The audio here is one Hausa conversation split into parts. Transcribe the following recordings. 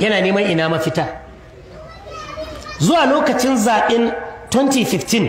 yana neman ina mafita zuwa lokacin zaɓen 2015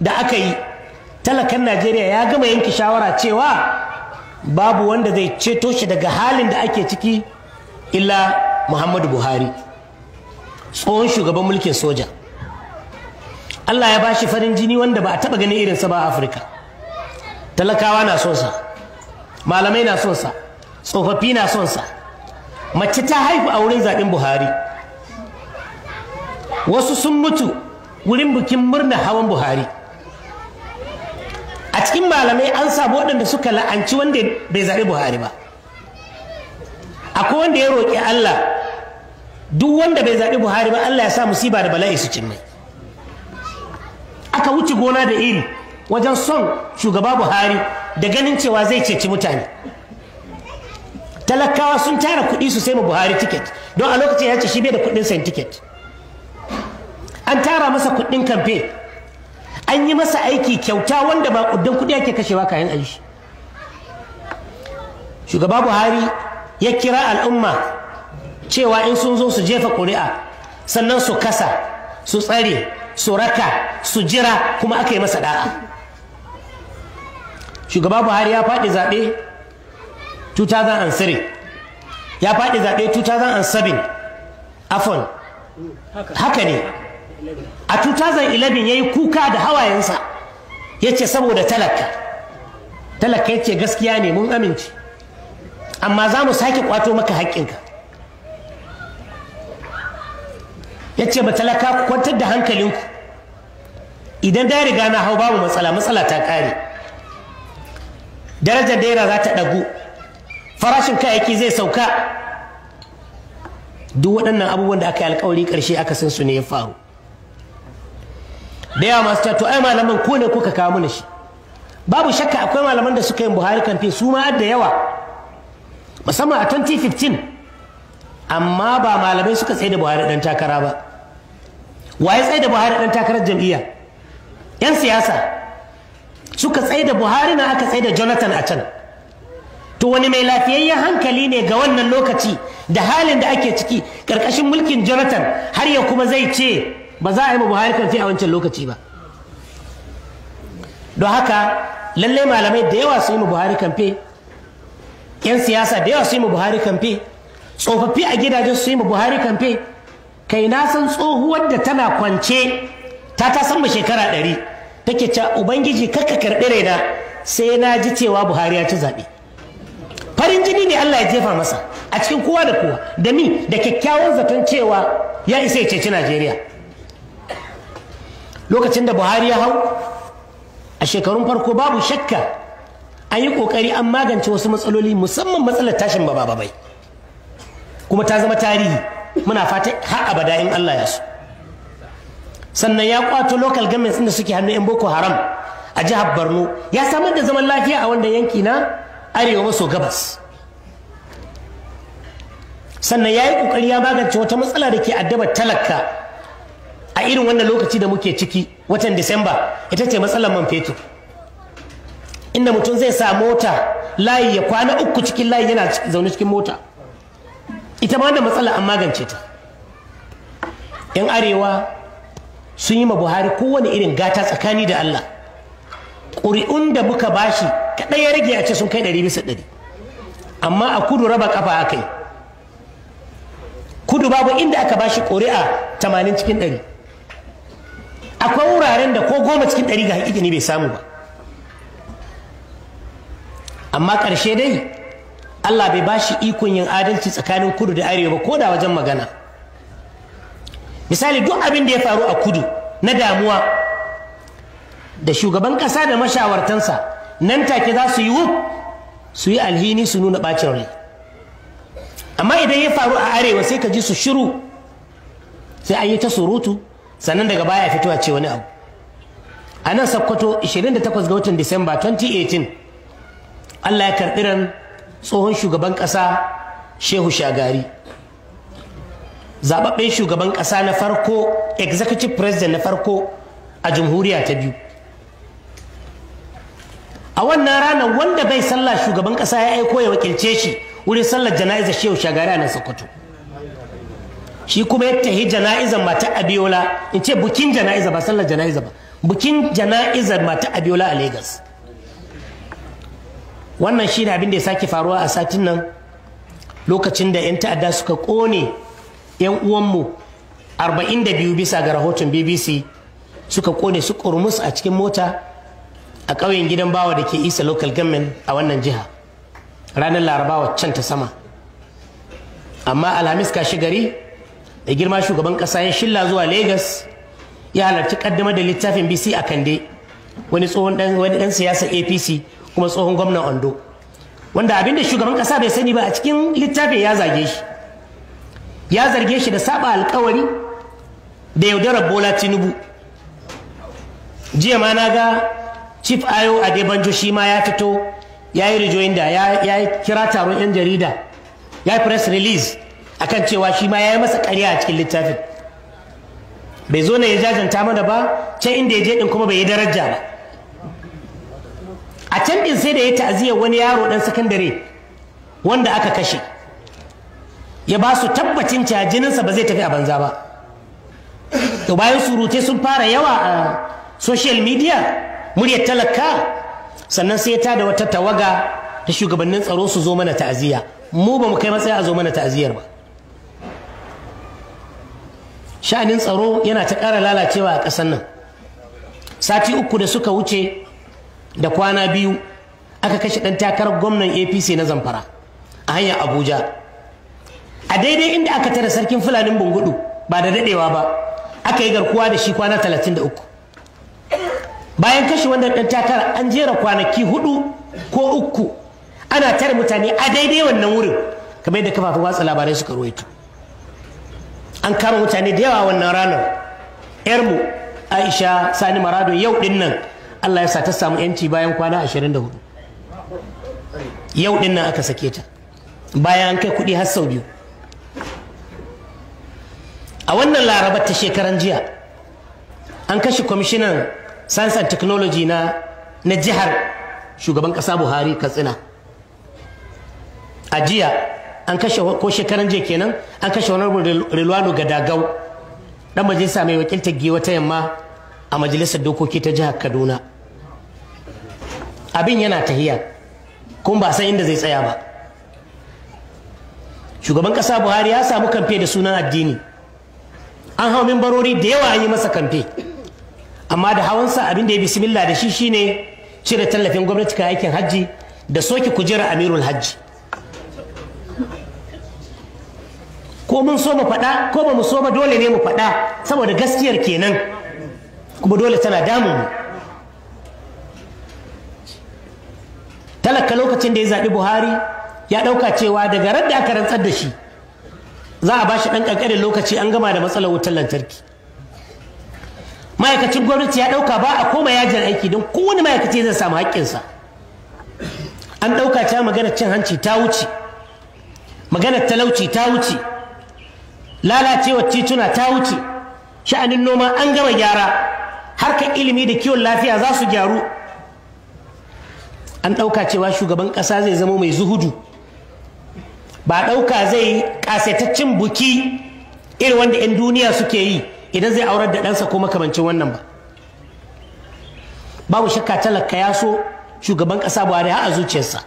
da aka yi talakan najeriya ya gama yanke shawara cewa babu wanda zai ceto shi daga halin da ake ciki illa muhammadu buhari tsohon shugaban mulkin soja allah ya bashi farin jini wanda ba a taɓa ganin irinsa ba a afirka talakawa na sonsa malamai na sonsa tsofaffi na sonsa mace ta haifu a wurin zaɓen buhari wasu sun mutu wurin bikin murna hawan buhari a cikin malamai an samu waɗanda suka la'anci wanda bai zaɓi buhari ba akwai wanda ya roƙi allah duk wanda bai zaɓi buhari ba allah ya sa musiba da bala'i su cimmai aka wuce gona da iri wajen son shugaba buhari da ganin cewa zai ceci mutane talakawa sun tara kuɗi su sai ma buhari tiket don a lokacin ya ce shi bai da kuɗin sayan tiket an tara masa kuɗin kamfe an yi masa aiki kyauta wanda ba kuɗin kuɗi ake kashewa kayan aishi shugaba buhari ya kira al'umma cewa in sun zo su jefa ƙuri'a sannan su kasa su tsare su raka su jira kuma aka yi masa da'a shugaba buhari ya faɗi zaɓe 2003 ya faɗi zaɓe 2007 afon haka ne a 2011 ya yi kuka da hawayensa ya ce saboda talaka talaka ya ce gaskiya ne mun amince amma za mu sake kwato maka haƙƙinka ya ce ba talaka kwantar da hankalinku idan da riga na hau babu matsala matsala ta ƙare darajar daira za ta ɗagu farashin kayayyaki zai sauka duk waɗannan abubuwan da aka yi alkawari ƙarshe aka san su ne ya faru da yawa masu to ai malaman ko ne kuka kawo mana shi babu shakka akwai malaman da suka yi buhari kamfe su ma da yawa musamman a 2015 amma ba malamai suka tsaye da buhari ɗan takara ba waye tsaye da buhari ɗan takarar jam'iyya 'yan siyasa suka tsaye da buhari na aka tsaye da jonathan a can to wani mai lafiyayyen hankali ne ga wannan lokaci da halin da ake ciki karkashin mulkin jonathan har ya kuma zai ce ba za a yi buhari karfi a wancan lokaci ba don haka lalle malamai da yawa su yi mu buhari kamfe yan siyasa da yawa su yi mu buhari kamfe tsofaffi a gidajen su yi mu buhari kamfe kai na san tsohuwar da tana kwance ta ta san shekara ɗari take ca ubangiji kakka karɓi raina sai na ji cewa buhari ya ci zaɓe farin jini ne Allah ya jefa masa a cikin kowa da kowa da mi da kyakkyawan zaton cewa ya isa ya ceci Najeriya lokacin da Buhari ya hau a shekarun farko babu shakka an yi kokari an magance wasu matsaloli musamman matsalar tashin baba babai kuma ta zama tarihi muna fata har abada in Allah ya so sannan ya kwato local government da suke hannu 'yan boko haram a jihar borno ya samar da zaman lafiya a wanda yanki na arewa maso gabas sannan ya yi ƙoƙari ya magance wata matsala da ke addabar talaka a irin wannan lokaci da muke ciki watan disamba ita ce matsalar man fetur inda mutum zai sa mota layi ya kwana uku cikin layi yana zaune cikin mota ita ma da matsala an magance ta yan arewa sun yi ma buhari kowane irin gata tsakani da allah ƙuri'un da muka bashi kaɗai ya rage a ce sun kai ɗari bisa ɗari amma a kudu raba kafa akai kudu babu inda aka bashi ƙuri'a tamanin cikin ɗari akwai wuraren da ko goma cikin ɗari ga hakiki ne bai samu ba amma ƙarshe dai Allah bai bashi ikon yin adalci tsakanin kudu da arewa ba ko da wajen magana misali duk abin da ya faru a kudu na damuwa da shugaban ƙasa da mashawartansa nan take za su yi wuf su yi alhini su nuna ɓacin rai amma idan ya faru a arewa sai ka ji su shiru sai an yi ta surutu sannan daga baya fito a ce wani abu a nan sakkwato 28 ga watan disamba 2018 allah ya karɓi ran tsohon shugaban ƙasa shehu shagari zaɓaɓɓen shugaban ƙasa na farko executive president na farko a jamhuriya ta biyu a wannan ranar wanda bai sallah shugaban kasa ya aiko ya wakilce shi wurin sallar jana'izar shehu shagari a nan sokoto shi kuma ya tahi jana'izar mata abiola in ce bukin jana'iza ba sallar jana'iza ba bukin jana'izar mata abiola a Legas. wannan shi ne abin da ya sake faruwa a satin nan lokacin da 'yan ta'adda suka kone 'yan uwanmu 42 bisa ga rahoton bbc suka kone su kurmus a cikin mota a ƙauyen gidan bawa da ke isa local government a wannan jiha ranar laraba waccan ta sama amma alhamis kashi gari da girma shugaban ƙasa ya shilla zuwa lagos ya halarci ƙaddamar da littafin bc a kande wani tsohon wani ɗan siyasar apc kuma tsohon gwamnan ondo wanda abinda shugaban ƙasa bai sani ba a cikin littafin ya zage shi ya zarge shi da saba alkawari da yaudarar bola tinubu jiya ma na ga chief ayo adebanjo shi ma ya fito ya yi rijoyin da ya kira taron 'yan jarida ya yi press release akan cewa shi ma ya yi masa karya a cikin littafin bai zo na ya jajanta mana ba can inda ya je din kuma bai yi daraja ba a can din sai da ya ta'aziyya wani yaro dan sakandare wanda aka kashe ya ba su tabbacin cewa jininsa ba zai tafi a banza ba to bayan surutai sun fara yawa a social media muryar talaka sannan sai ta da wata tawaga ta shugabannin tsaro su zo mana ta'aziyya mu ba mu kai matsayi a zo mana ta'aziyyar ba sha'anin tsaro yana ta ƙara lalacewa a ƙasar nan sati uku da suka wuce da kwana biyu aka kashe ɗan takarar gwamnan apc na zamfara a hanyar abuja a daidai inda aka tara sarkin fulanin bungudu ba da daɗewa ba aka yi garkuwa da shi kwana talatin da uku bayan kashe wannan ɗan takara an jera kwanaki hudu ko uku ana tare mutane a daidai wannan wurin kamar yadda kafafen watsa labarai suka ruwaito an kama mutane da yawa wannan ranar yarmu aisha sani marado yau din nan allah ya sa ta samu yanci bayan kwana 24 yau din nan aka sake ta bayan an kai kuɗi har sau biyu a wannan larabar ta shekaran jiya an kashe kwamishinan science and technology na na jihar shugaban kasa buhari katsina a jiya an kashe ko shekaran jiya kenan an kashe wani rilwano gadagau dan majalisa mai wakiltar giwa ta yamma a majalisar dokoki ta jihar kaduna abin yana tahiya kuma ba san inda zai tsaya ba shugaban kasa buhari ya samu kamfe da sunan addini an hau mimbarori da yawa an yi masa kamfe amma da hawansa abin da ya bismillah da shi shine cire tallafin gwamnati kan aikin hajji da soke kujera amirul hajji ko mun so mu faɗa ko ba mu so ba dole ne mu faɗa saboda gaskiyar kenan kuma dole tana damu mu talaka lokacin da ya zaɓi buhari ya ɗauka cewa daga rar da aka rantsar da shi za a ba shi ɗan ƙanƙanin lokaci an gama da matsalar wutar lantarki ma'aikacin gwamnati ya ɗauka ba a koma yajin aiki don kowane ma'aikaci zai samu haƙƙinsa an ɗauka ta magana cin hanci ta wuce magana talauci ta wuce lalacewar tituna ta wuce sha'anin noma an gama gyara harkar ilimi da kiwon lafiya za su gyaru an ɗauka cewa shugaban ƙasa zai zama mai zuhudu ba ɗauka zai ƙasaitaccen buki irin wanda 'yan duniya suke yi idan zai aurar da ɗansa ko makamancin wannan ba babu shakka talaka ya so shugaban ƙasa buhari har a zuciyarsa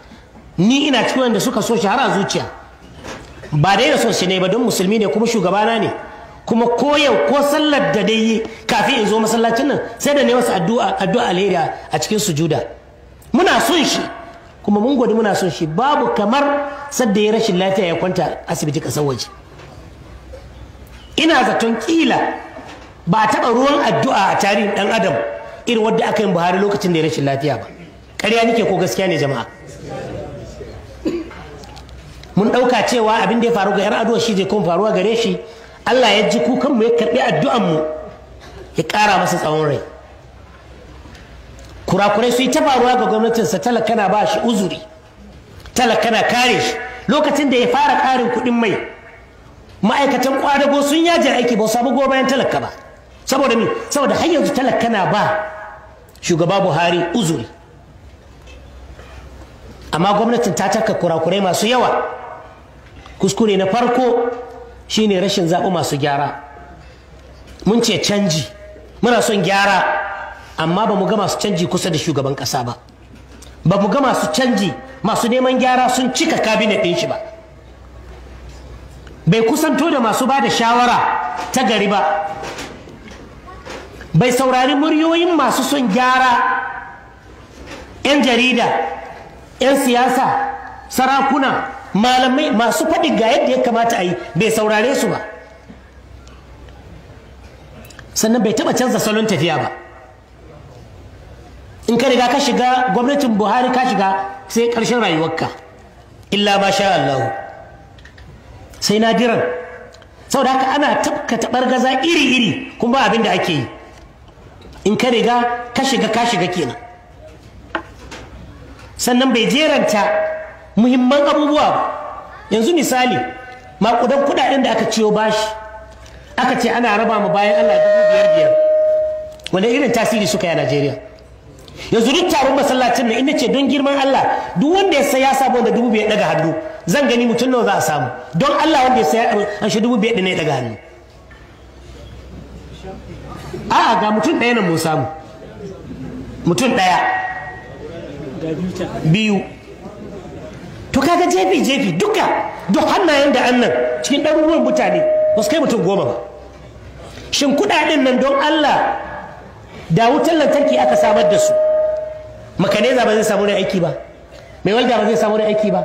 ni ina cikin wanda suka so shi har a zuciya ba dai da so shi ne ba don musulmi ne kuma shugabana ne kuma koyau ko sallar da dai yi kafin in zo masallacin nan sai da ne masa addu'a addu'a alheri a cikin sujuda muna son shi kuma mun gwada muna son shi babu kamar sadda ya rashin lafiya ya kwanta asibiti kasar waje ina zaton kila ba taɓa ruwan addu'a a tarihin ɗan adam irin wadda aka yin buhari lokacin da ya rashin lafiya ba ƙarya nike ko gaskiya ne jama'a mun ɗauka cewa abin da ya faru ga 'yar addu'a shi zai kuma faruwa gare shi allah ya ji kukan mu ya karɓi mu ya ƙara masa tsawon rai kurakurai su yi ta faruwa ga gwamnatinsa talakana ba shi uzuri talakana kare shi lokacin da ya fara ƙarin kuɗin mai ma'aikatan ƙwadago sun yaji aiki ba su sabu goma bayan talaka ba saboda me saboda har yanzu talaka ba shugaba buhari uzuri amma gwamnatin ta taka kurakurai masu yawa kuskure na farko shine rashin zaɓi masu gyara mun ce canji muna son gyara amma ba mu ga masu canji kusa da shugaban ƙasa ba ba mu ga masu canji masu neman gyara sun cika kabinet ɗin shi ba bai kusanto da masu ba da shawara ta gari ba bai saurari muryoyin masu son gyara 'yan jarida 'yan siyasa sarakuna malamai masu faɗi ga yadda ya kamata a yi bai saurare su ba sannan bai taɓa canza salon tafiya ba in ka riga ka shiga gwamnatin buhari ka shiga sai ƙarshen rayuwarka illa ma sha Allahu sai nadiran da haka ana tafka taɓar gaza iri-iri kuma abin da ake yi in ka riga ka shiga ka shiga kenan sannan bai jeranta muhimman abubuwa ba yanzu misali makudan kudaden da aka ciyo bashi aka ce ana raba mu bayan Allah dubu biyar biyar wanda irin tasiri suka yi a Najeriya yanzu duk taron masallacin nan ina ce don girman Allah duk wanda ya saya ya da dubu biyar daga hannu zan gani mutum nawa za a samu don Allah wanda ya saya an shi dubu biyar ne daga hannu a'a ga mutum ɗaya nan mun samu mutum ɗaya biyu to kaga jefi jefi duka duk hannayen da annan cikin ɗaruruwan mutane ba su kai mutum goma ba shin kuɗaɗen nan don Allah da wutar lantarki aka samar da su makaneza ba zai samu da aiki ba mai walda ba zai samu da aiki ba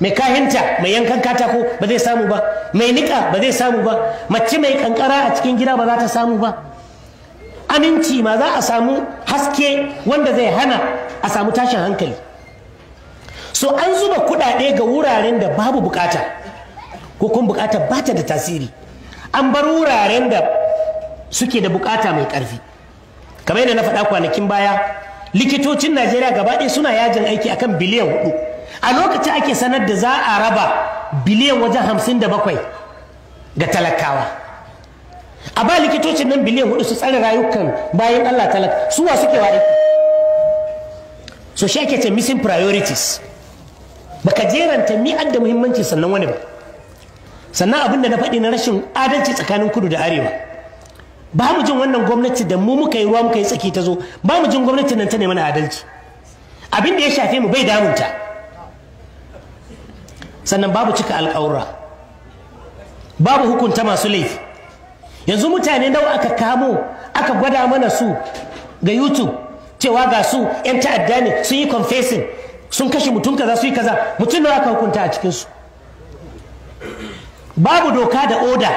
mai kahinta mai yankan katako ba zai samu ba mai niƙa ba zai samu ba mace mai kankara a cikin gida ba za ta samu ba aminci ma za a samu haske wanda zai hana a samu tashin hankali so an zuba kudade ga wuraren da babu bukata ko kuma bukata ba ta da tasiri an bar wuraren da suke da bukata mai karfi. kamar yadda na faɗa kwanakin baya likitocin najeriya gaba ɗaya suna yajin aiki akan biliyan hudu a lokacin ake sanar da za a raba biliyan wajen hamsin da bakwai ga talakawa a ba likitocin nan biliyan hudu su tsare rayukan bayan Allah talaka su wa suke wa aiki so shi ake ce missing priorities baka jeranta mi da muhimmanci sannan wani ba sannan abin da na faɗi na rashin adalci tsakanin kudu da arewa ba mu jin wannan gwamnati da mu muka yi ruwa muka yi tsaki ta zo ba mu jin gwamnati nan ta ne mana adalci abin da ya shafe mu bai damunta sannan babu cika alƙawura babu hukunta masu laifi yanzu mutane nawa aka kamo aka gwada mana su ga youtube cewa ga su 'yan ta'adda ne sun yi confessing sun kashe mutum kaza su yi kaza mutum nawa aka hukunta a cikinsu babu doka da oda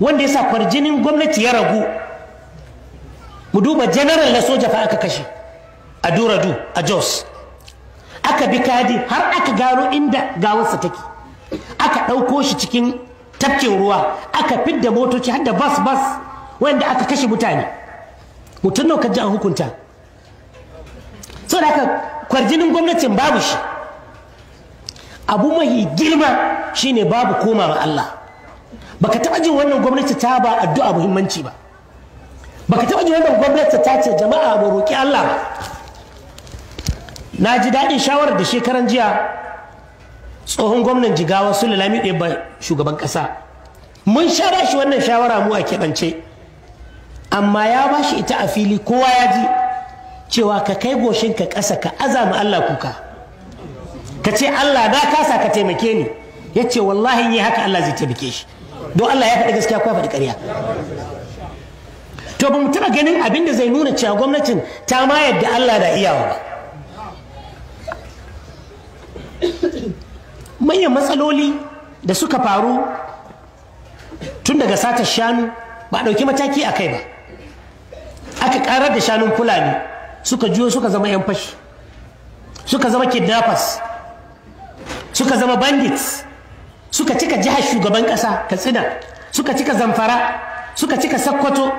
wanda ya sa kwarjinin gwamnati ya ragu mu duba general na soja fa aka kashe a duradu a jos aka bi kadi har aka gano inda gawarsa take aka ɗauko shi cikin tafkin ruwa aka fidda motoci hadda bas bas wanda aka kashe mutane mutum nawa ji an hukunta so da haka kwarjinin gwamnatin babu shi abu mahi girma shine babu koma ma Allah baka taɓa jin wannan gwamnati ta ba addu'a muhimmanci ba baka taɓa jin wannan gwamnati ta ce jama'a ba roƙi Allah ba na ji daɗin shawarar da shekaran jiya tsohon gwamnan jigawa sun lalami ɗaya ba shugaban ƙasa mun shara shi wannan shawara mu a keɓance amma ya ba shi ita a fili kowa ya ji cewa ka kai goshin ka ƙasa ka azama Allah kuka ka ce Allah na kasa ka taimake ni ya ce wallahi yi haka Allah zai taimake shi don Allah ya faɗi gaskiya ko faɗi ƙarya to ba mu taɓa ganin abin da zai nuna cewa gwamnatin ta ma yadda Allah da iyawa ba manyan matsaloli da suka faru tun daga satar shanu ba ɗauki mataki a kai ba aka karar da shanun fulani suka juyo suka zama 'yan fashi suka zama kidnappers suka zama bandits suka cika jihar shugaban ƙasa katsina suka cika zamfara suka cika sakkwato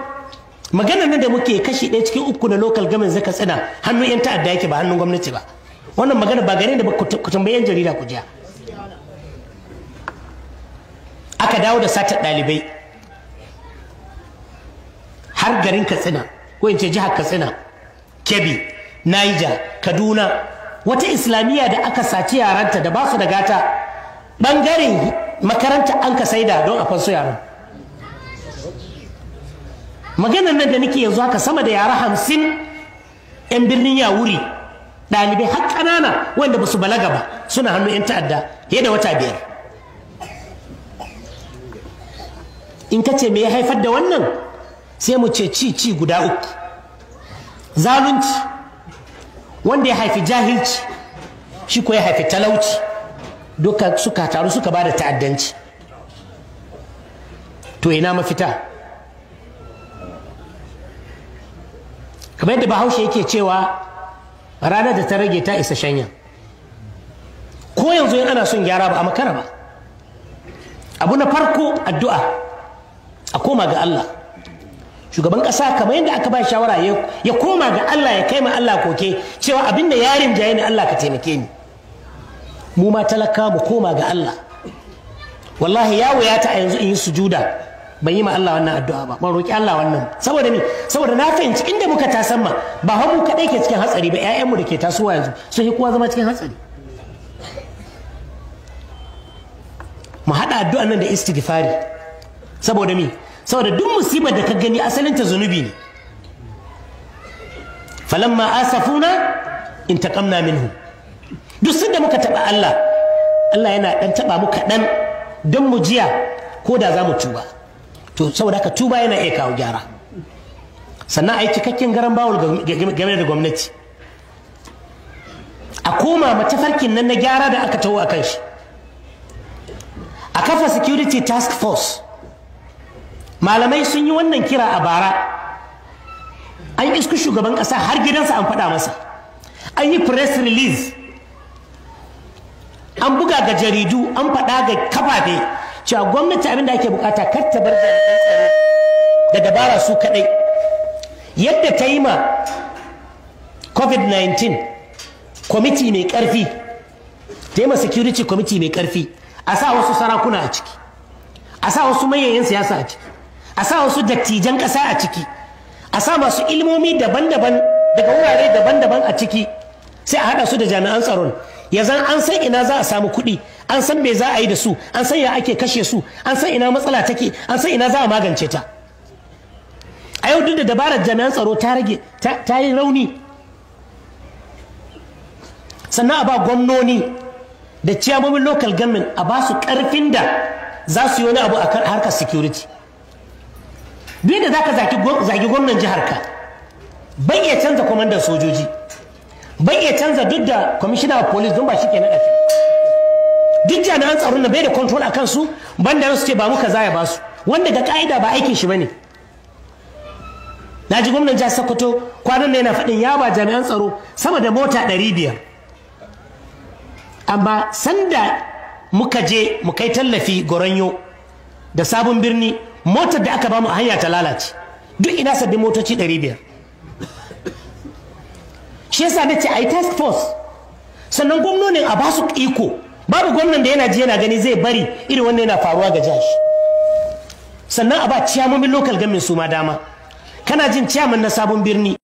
magana nan da muke kashi ɗaya cikin uku na local government zaka tsina hannun 'yan ta'adda yake ba hannun gwamnati ba wannan magana ba gare da ku tambayi 'yan jarida ku jiya aka dawo da satar dalibai har garin katsina ko in ce jihar katsina kebbi niger kaduna wata islamiyya da aka saci yaranta da ba su da gata bangaren makaranta an ka saida don a fansu yaran maganar nan da nake yanzu haka sama da yara hamsin 'yan birnin yawuri ɗalibai har ƙanana wanda ba su balaga ba suna hannu 'yan ta'adda ya da wata biyar in ka ce me ya haifar da wannan sai mu ce ci ci guda uku zalunci wanda ya haifi jahilci shi ko ya haifi talauci duka suka taru suka bada ta'addanci to ina mafita kamar yadda bahaushe yake cewa ranar da ta rage ta isa shanya ko yanzu in ana son gyara ba a makara ba abu na farko addu'a a koma ga Allah shugaban ƙasa kamar yadda aka ba shawara ya koma ga Allah ya kai ma Allah koke cewa abin da yarin jaye ne Allah ka taimake ni mu ma talaka mu koma ga Allah wallahi ya wuyata a yanzu in yi sujuda ban yi ma Allah wannan addu'a ba ban roki Allah wannan saboda ni saboda na fahimci inda muka tasan ma ba ha mu kadai ke cikin hatsari ba ƴaƴanmu da ke tasowa yanzu sun yi kowa zama cikin hatsari mu haɗa addu'an nan da istighfari saboda mi saboda duk musibar da ka gani asalinta zunubi ne falamma asafuna in taqamna minhu duk da muka taba Allah Allah yana dan taba mu kaɗan dan mu jiya ko da za mu tuba to saboda haka tuba yana iya kawo gyara sannan a yi cikakken garan bawul game da gwamnati a koma matafarkin nan na gyara da aka taho a kan shi a kafa security task force malamai sun yi wannan kira a bara an isku shugaban kasa har gidansa an faɗa masa an yi press release an buga ga jaridu an faɗa ga kafafe cewa gwamnati abin da ake bukata kar ta bar da da dabara su kadai yadda ta yi ma covid-19 kwamiti mai ƙarfi ta yi ma security kwamiti mai karfi a sa wasu sarakuna a ciki a sa wasu manyan siyasa a ciki a sa wasu dattijan ƙasa a ciki a sa masu ilmomi daban-daban daga wurare daban-daban a ciki sai a haɗa su da jami'an tsaron ya zan an san ina za a samu kuɗi an san me za a yi da su an san ya ake kashe su an san ina matsala take an san ina za a magance ta a yau duk da dabarar jami'an tsaro ta rage ta yi rauni sannan a ba gwamnoni da ciyamomin local government a ba su ƙarfin da za su yi wani abu a harkar security biyan da za ka zagi gwamnan jihar ka bai iya canza kwamandan sojoji bai iya canza duk da kwamishina wa polis don ba shi ke naɗa duk jami'an tsaron na bai da control a kansu banda su ce ba muka zaya ya ba su wanda ga ka'ida ba aikin shi ba ne. na ji gwamnan jihar sokoto kwanan na yana faɗin ya ba jami'an tsaro sama da mota ɗari biyar amma sanda muka je mu kai tallafi goronyo da sabon birni motar da aka bamu a hanya ta lalace duk ina sabbin motoci 500 shi yasa nace ce task force sannan gwamnonin a basu iko babu gwamnan da yana ji yana gani zai bari irin wannan yana faruwa ga jashi sannan a ba ciyamomin local gamin su ma dama kana jin ciyaman na sabon birni